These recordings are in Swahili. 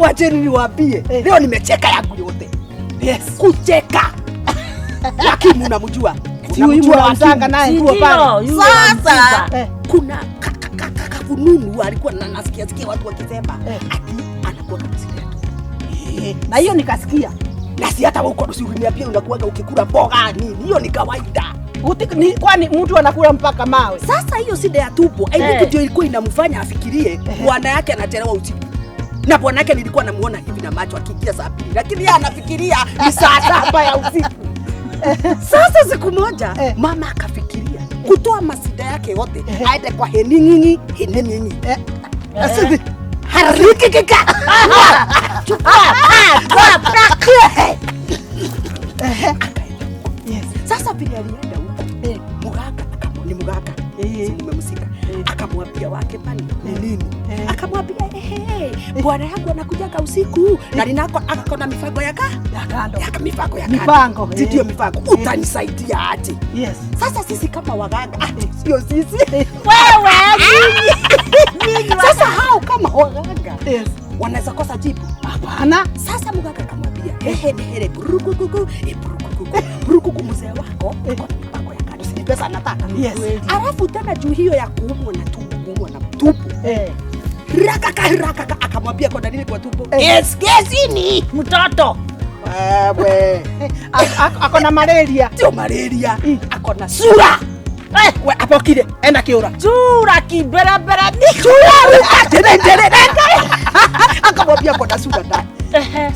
wacheni niwaambie hey. Eh. Leo nimecheka yangu yote yes. Kucheka lakini mnamjua sasa, eh. kuna kavununu alikuwa nasikia sikia watu wakisema ati anakuwa na hiyo nikasikia hata unakuwaga ukikula mboga nini, hiyo ni kawaida. Ni, kwani mtu anakula mpaka mawe? Sasa hiyo si tupo, Ndio ilikuwa inamfanya afikirie yake anachelewa usiku na bwana yake nilikuwa namuona hivi na macho akiingia saa pili, lakini yeye anafikiria ni saa saba ya usiku. Sasa siku moja eh. mama akafikiria kutoa masida yake yote eh. aende kwa hening'ingi heneng'ingi eh, eh, harikikika eh. Sasa vile alienda huko muganga, akamwona muganga nimemsika akamwambia wake pale ni nini, akamwambia ehe, bwana yangu anakujaga usiku na ninako na mifago ya kando mifago ya kando ndio eh. mifago, eh. utanisaidia ati? Yes. Sasa sisi kama waganga ati ah, eh. sio sisi wewe ah! sasa, hao kama waganga yes, wanaweza kosa jibu? Hapana. Sasa mganga akamwambia ehe, ehe, burukuku, burukuku, burukuku, mzee wako pesa nataka. Yes. Alafu tena juu hiyo ya kuumwa na tumbo, kuumwa na tumbo. Eh. Rakaka rakaka akamwambia kwa dalili kwa tumbo. Eh. Yes, kesini mtoto. Wewe. Eh, ako na malaria. Sio malaria. Mm. Ako na sura. Eh, wewe hapo kile Enda kiura. Sura ni. Sura ukatende ndende. Akamwambia kwa sura ndani.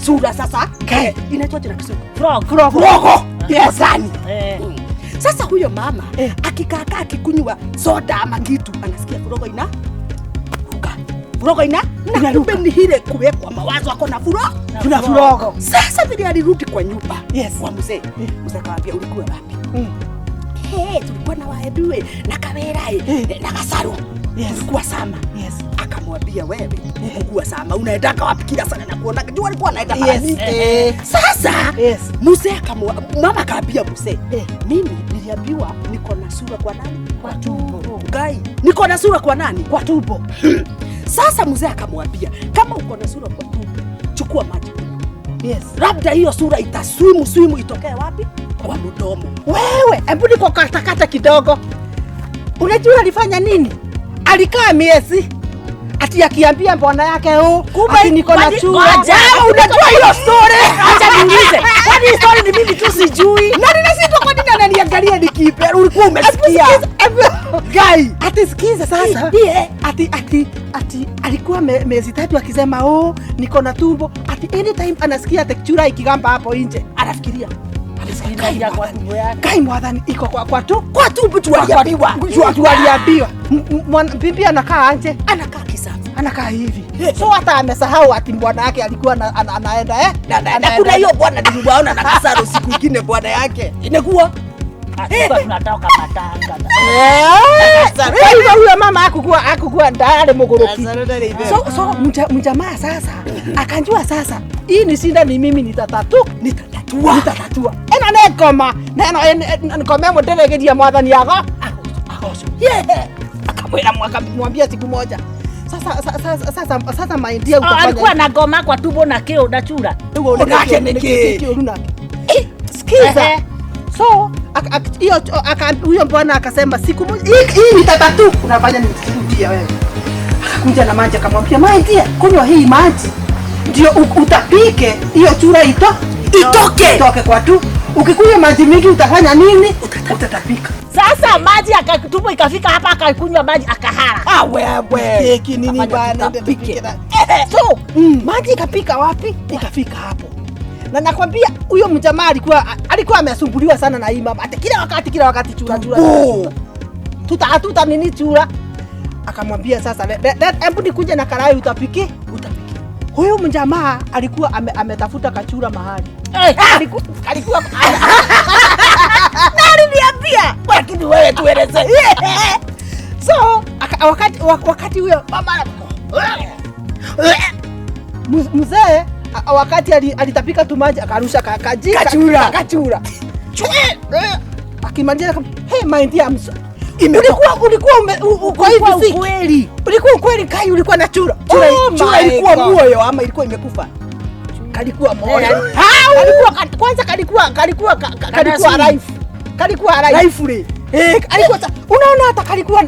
Sura sasa. Eh. Inaitwa tena kisogo. Frog. Frog. Ah. Frog. Yes, sani. Eh. Sasa huyo mama eh, akikakaa akikunywa soda ama kitu anasikia furogo ina ruka. Furogo ina na kumbe ni ile kuwekwa mawazo ako na furogo. Kuna furogo. Sasa vile alirudi kwa nyumba. Yes. Wa mzee. Eh. Mzee kawaambia ulikuwa wapi? Mm. Hey, eh, tulikuwa na waedue na kawerae eh, eh, na kasaru. Yes. Ulikuwa sama. Yes. Akamwambia wewe ulikuwa sama. Unaendaka wapi kila sana na kuona jua alikuwa anaenda mara Yes. Eh. Sasa yes. Mzee akamwambia mama akaambia mzee, eh, mimi niliambiwa niko na sura kwa nani? Kwa tumbo. Gai, niko na sura kwa nani? Kwa tumbo. Sasa mzee akamwambia kama uko na sura kwa tumbo, chukua maji. Yes. Labda hiyo sura itaswimu swimu itokee wapi? Kwa mdomo. Wewe, hebu niko katakata kidogo. Unajua alifanya nini? Alikaa miezi ati akiambia mbona yake huu oh, kumbe niko na chuo. Unajua hiyo story? Acha niulize, kwani story ni mimi tu sijui? Na ninasitwa kwa nini ananiangalia nikipe? Ulikuwa umesikia guy? Ati sikiza sasa, ati ati ati alikuwa miezi tatu akisema oh, niko na tumbo. Ati anytime anasikia tektura ikigamba hapo nje anafikiria Kai mwadhani iko kwa kwa tu kwa tu tuliambiwa bibi anakaa anje, anakaa kisafi, anakaa hivi, so hata amesahau ati bwana yake alikuwa anaenda eh, na kuna hiyo bwana tuliwaona na kasaro siku nyingine bwana yake inakuwa ah, tunatoka eh, eh, huyo mama akukuwa akukuwa ndale mugoroki. So so mjamaa sasa akanjua sasa, hii ni shinda, ni mimi nitatatu nitatatua nitatatua ena ne koma na ĩno ngoma ĩmwe ndĩrĩgĩria mwathani yago akamwĩra mwambia siku moja sasa maindia ah, alikuwa na ngoma kwa tumbo na kĩu na chura so huyo bwana akasema siku moja hii wewe akakuja na maji akamwambia kunywa hii maji ndio utapike hiyo chura ito itoke itoke kwa tu Ukikunywa maji mingi utafanya nini? Utatapika. Sasa maji akatupwa ikafika hapa akakunywa maji akahara. Ah we, we. Keki nini bana ndio So, mm, maji ikapika wapi? Ikafika hapo. Na nakwambia huyo mjamaa alikuwa alikuwa amesumbuliwa sana na hii mama. kila wakati kila wakati chura chura. Tuta atuta nini chura? Akamwambia sasa, hebu nikuje na karai utapiki? Utapiki. Huyo mjamaa alikuwa ametafuta ame kachura mahali. Eh, aliniambia, lakini wewe tueleze. So wakati wakati huyo mama eh. mzee wakati alitapika tu maji akarusha kachura kachura, eh. akimaliza maindi ya mso Ulikuwa ulikuwa hivi kweli, ulikuwa ukweli kai, ulikuwa na chura chura, oh ilikuwa moyo ama ilikuwa imekufa? kalikuwa moja eh, moyo. Kalikuwa kwanza kalikuwa kalikuwa kalikuwa life. Kalikuwa life. Eh, alikuwa unaona hata kalikuwa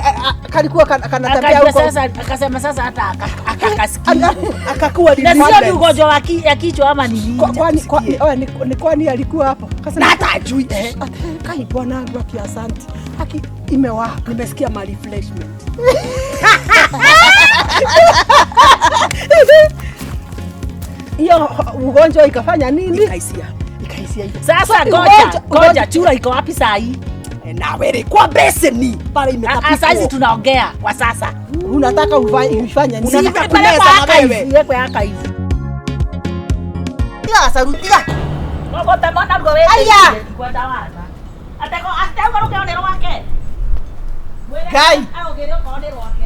kalikuwa kana tabia huko. Sasa akasema sasa hata akakasikia. Akakuwa ni sio ugonjwa wa ya kichwa ama ni kwani Kwani ni kwani alikuwa hapo. Sasa hata ajui. Eh, kai bwana wangu asante Haki imewa nimesikia ma refreshment. hiyo ugonjwa ikafanya nini? Ikaisia. Ikaisia hiyo. Sasa ngoja, ngoja chura iko wapi saa hii? Eh, na wewe kwa beseni pale ah, ah, imetapika. Sasa hizi tunaongea kwa sasa. Unataka ufanye ufanye nini? Unataka kuleta na wewe. kwa haka hizi. Tira asarutira. Ngoja tamona ngowe. Aya. Kwa dawa. Atako atako roke onero wake. Kai. Au ah, Aogero kwa onero wake.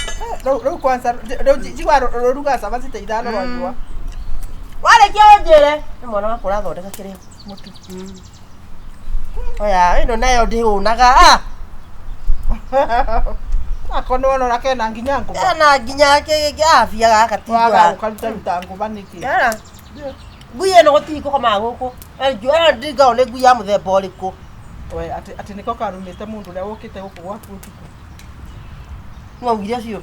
rä u njigua rå ruga cama warä kia å njä re nä mwana wakå rathondeka kä rä må tu mm. oya ä no nayo ndä å naga ako nä nginya ngå kena nginya abia ah, gaka mm. ruta ngå nä kä ngui ä no gå tigikå komaga gå kå ndingao nä ngui ya må themba å rä kå atä nä kokarumä te må ndå å rä a gå kä te gå kå gwaku å tukå no augire cio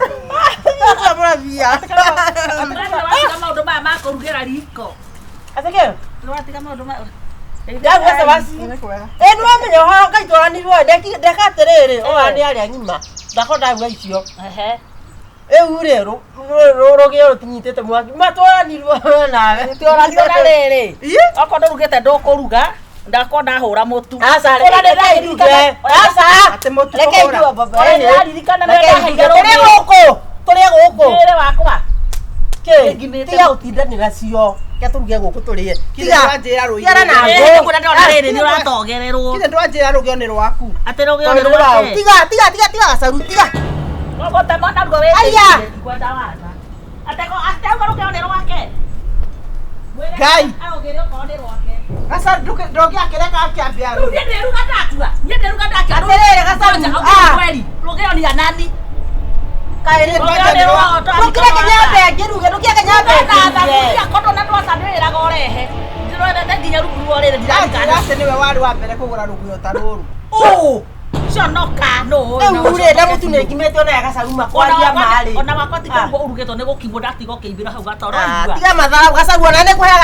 abia watiga maundu maya makurugera riko atikio niwatiga maundu niwamenya hao ngaitwaranirwo ndeka atiriri oa ni aria ng'ima thako ndauga icio riu ri rugio rutinyitite mwaki matwaranirwo nawe okorwo kå ruga ndakwo ndahura mutu aca tå rä gå kå gå tindanä cio kä tå ruge gå kå tå rä etigara ra rå gä o nä rwaku ngai Gasa nduke ndoge akireka akiambia rä u niä ndä ruga ndatua niä ndä ruga ndakiarä gacaukweli nä anani rukire kinyambe ngiruge nginya rungu nä we warä wa kå gå ra rå guo ta rå ru utionoka no riu ri ria mutu ni ngimetwo na gacaruma kwaria mari ona wakwa ti koguo ah. urugetwo ni gukimwo ndatiga ukiimbira hau ah,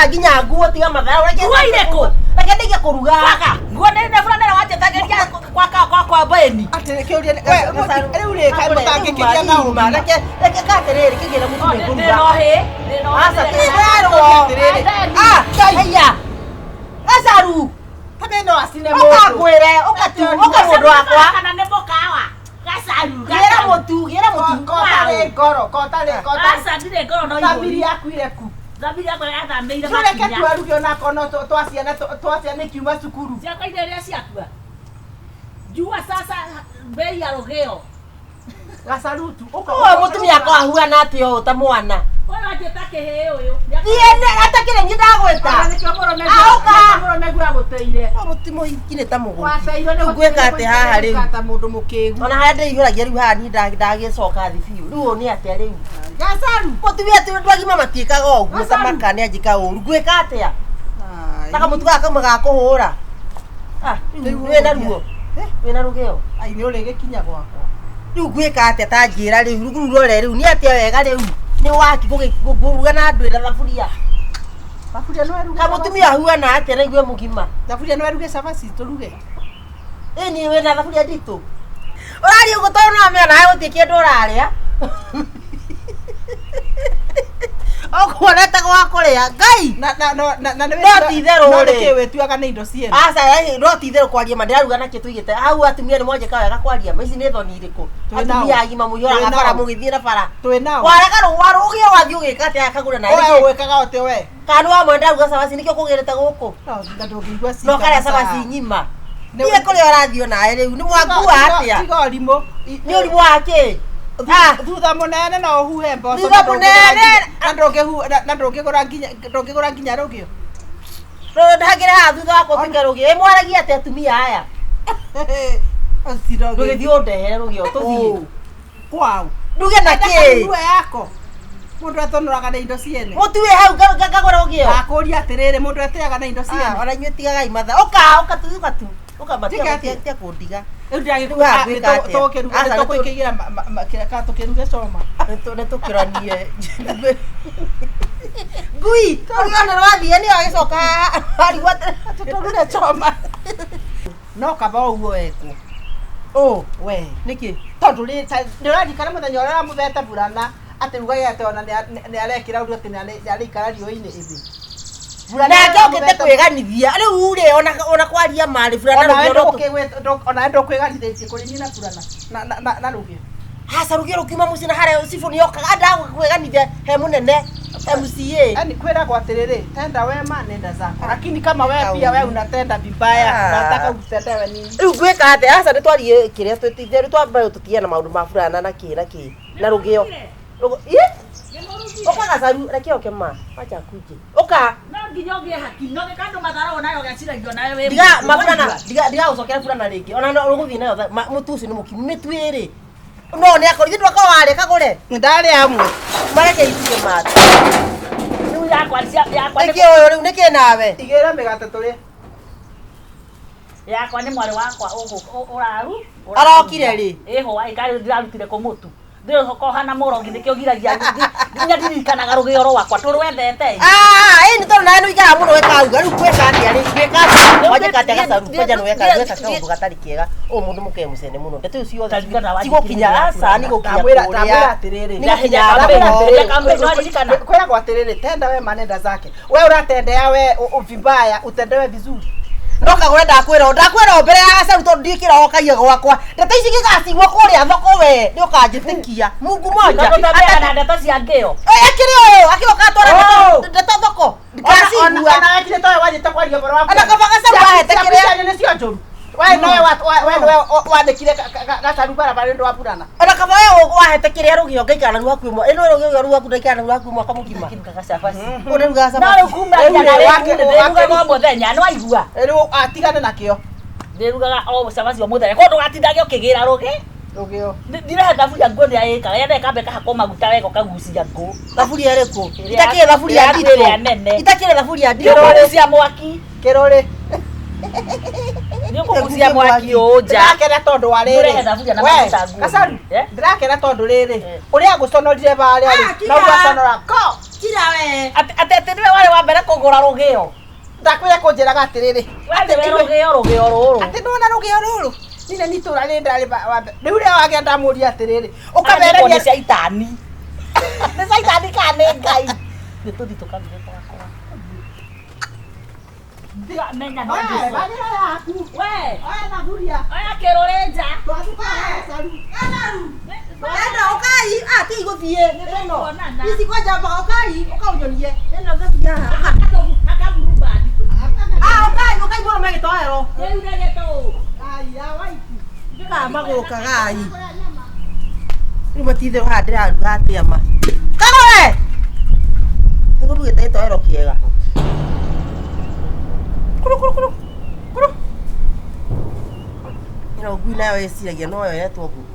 nginya nguo tiga mathaau nguo ireku reke ndige gacaru kana no acine må ndåkagwä re å ndå wakwakana nä må kawa gä ra må tu gä ra må tu kotarä ngoro kotarä ngorothabiri yaku ireku tåreke twaruge onakorwo twaciane kiuma cukuru ciakaire rä a ciakua njua sasa mbei ya rå gä o gacarutu å må tumia akoahuana atä o ta mwana atakire nyindagweta mutimo ingire ta mugwika ati haha riu mundu mukigu ona haria ndirihuragia riu haha ni ndagicoka thi biu riu uu ni atia riu mutiwi ati andu agima matiikaga uguo ta makane anjika uru ngwika atia taka mutuga kamwe ga kuhura ah, wina ruo wina rugio ni urigikinya gwakwa riu ngwika atia ta njira riu rugu rurore riu ni atia wega riu ni waki gukuruga na andu ira thaburia thaburia no eruge kama tumia huana atia na igwe mugima thaburia no eruge sabasi turuge ĩ ni wĩna thaburia nditũ ũrari ũguo tondũ no amĩona egũtikia ndũraria ũkuonete gwakũ rĩa ngai no ti itherũ wĩtuaga nä indo ciene no yaani ti itherũ kwaria ma ndĩraruga nakĩ tũigĩte hau atumia nĩ mwanjĩka wega kwaria ma ici nĩ thoni irĩkũ atumia agima mũihũraga bara mũgĩthiĩ na bara warega rũa rũgĩa wathiĩ ũgĩka atĩ akagũra na wĩkaga ũtĩ we kana wamwenda ruga cabaci nĩkĩo kũgĩrĩte gũkũ no karĩa cabaci nyima nĩwe kũrĩa ũrathiĩ onawe rĩu nĩ mwakua atĩa nĩ ũrimũ wa kĩĩ thutha munene no huhe mboco na ndungigura nginya ndungigura nginya rugio ndagira haha thutha wa kupika rugio imwaragia ati atumia aya ndugithii undehere rugio tuthii kwau nduge na kĩ yako mundu atonoraga na indo ciene mutiwe hau ngagũra ũgĩo akũria atĩrĩrĩ mundu ateaga na indo ah, ciene ona inyuĩ tigagai matha ũka ũka tu tu ukambatia tia kundiga tåkäruge coma tå kä ronie ngui rugano rwathie nä agä coka arigua tårure no kaba å guo wekwo we nä kä tondå nä å rarikana må thenya å rä a thete burana atä rugagete ona nä arekä ra ru atä nä arä ikara riå-inä ithä nake okite kwiganithia riu ri ona kwaria mari burana ona endo kwiganithitie kuri ni na burana na rugio hasa rugio rukiuma mucii na haria cibũ ah, he munene mca yani kwiragwo atiriri tenda we ma nenda zako ah, lakini kama we pia we unatenda vibaya ah. unataka kutendewe nini riu ngwika hasa nä twari kä rä a twätithia rä twambayo tå tigana maå ndå ma burana na kä na kä na rå gä o åkagacaru oke ma wachakunjä åka ndiga gucokera burana ringi ona guthii nayo mutu ucio ni mukimi mitwi iri no ni akori ndwaka wari kagure ndari amwe mareke itige mata niki uyu riu niki nawe igira migate yakwa ni mwari wakwa arokire ri ihwa ikari ndirarutire kumutu kohana murogi nikio giragia nginya ndirikanaga rugio rwakwa turwendete ah ini tondu nawe nuigaga muno wekauga riu kweka atia ri gweka wajeka atia gacaundu kwenja niweka gweka caundu gatari kiega o mundu muke mucene muno ndeto icio ciothe cigukinya aca ni gukinya kuria atiriri nigakinya kwiragwo atiriri tenda we manenda zake we uratendea we vibaya utendewe vizuri noka gå renda kwä ndakwä rwo mbere ya gacaru tondå ndikä kä kaia gwakwa ndeto ici ngä gacigwo kå rä a thoko we nä å kanjä tä kia mungu monjana cia ngä yo akä rä å yå akä oka twara ndeto oh! thoko ndikacigua ona kabagacaru ahete kä rä a we no we wandikire gatarubara bare ndo waburana ona kama we wahete kiria rugio ngaikara ruo aku imwe atigane nakio ndirugaga o caba cio muthenya ko ndugatindage ukigira rugi rugio ndirenda thaburia nguo nä aä kaga yenda kambe kahakwo maguta wega kagucia ngå thaburia rä kå thaburia nditå itakire thaburia nditå cia mwaki kä nä mwaki å njandirakena tondå wa rä å rä a ngå conorire harä a na nä we eh? eh. ah, warä wa mbere kå gå ra rå gä o ndakwä kå njä raga atä rä rä rå gä rå gä o rå rå atä nä itå ra rä ndarä rä u rä a wagä a ndamå ria atä rä rä å kamereria nä caitani nä caitani kana nä ngai nä tå thi tå kambire twakorwo Ndiga menya ah. ah, no ndiga. Wewe bali na yaku. Wewe. Wewe na buria. Wewe kiroreja. Twatuka salu. Elaru. Nenda ukai ati iguthiye ni kuru kuru kuru. Ina ugui nayo ĩciragia no yo yetwo ngũkũ